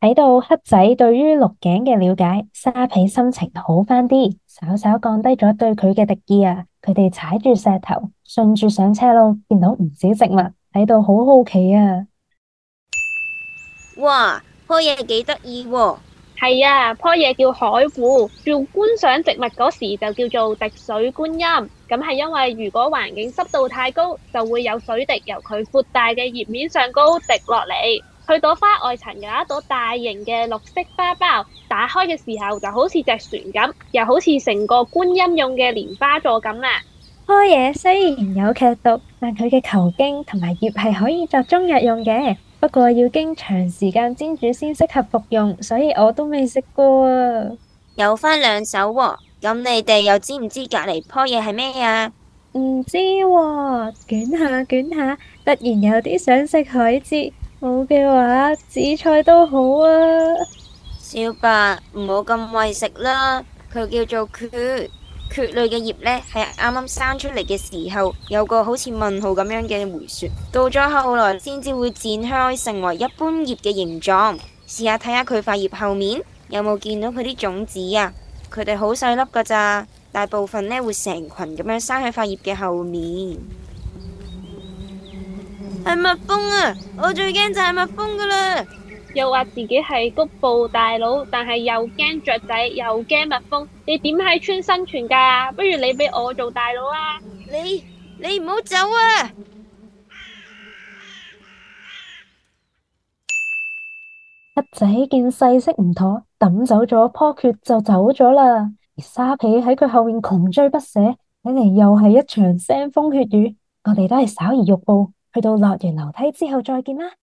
睇到黑仔對於鹿頸嘅了解，沙皮心情好返啲，稍稍降低咗對佢嘅敵意啊！佢哋踩住石頭，順住上車路，見到唔少植物，睇到好好奇啊！哇，棵嘢幾得意喎！係啊，棵嘢叫海芋，做觀賞植物嗰時就叫做滴水觀音。咁係因為如果環境濕度太高，就會有水滴由佢闊大嘅葉面上高滴落嚟。佢朵花外層有一朵大型嘅綠色花苞，打開嘅時候就好似隻船咁，又好似成個觀音用嘅蓮花座咁啦。棵嘢雖然有劇毒，但佢嘅球莖同埋葉係可以作中藥用嘅，不過要經長時間煎煮先適合服用，所以我都未食過。有翻兩手喎、哦，咁你哋又知唔知隔籬棵嘢係咩啊？唔知喎、哦，捲下捲下，突然有啲想食海蜇。冇嘅話，紫菜都好啊。小白唔好咁喂食啦。佢叫做蕨，蕨類嘅葉呢，係啱啱生出嚟嘅時候，有個好似問號咁樣嘅回旋，到咗後來先至會展開，成為一般葉嘅形狀。試下睇下佢塊葉後面有冇見到佢啲種子啊？佢哋好細粒噶咋，大部分呢會成群咁樣生喺塊葉嘅後面。係蜜蜂啊！我最驚就係蜜蜂噶啦，又話自己係谷部大佬，但係又驚雀仔，又驚蜜蜂，你點喺村生存噶？不如你畀我做大佬啊！你你唔好走啊！阿仔見勢色唔妥，抌走咗顆血就走咗啦。而沙皮喺佢後面窮追不捨，睇嚟又係一場腥風血雨。我哋都係稍而欲步。去到落完樓梯之後再見啦！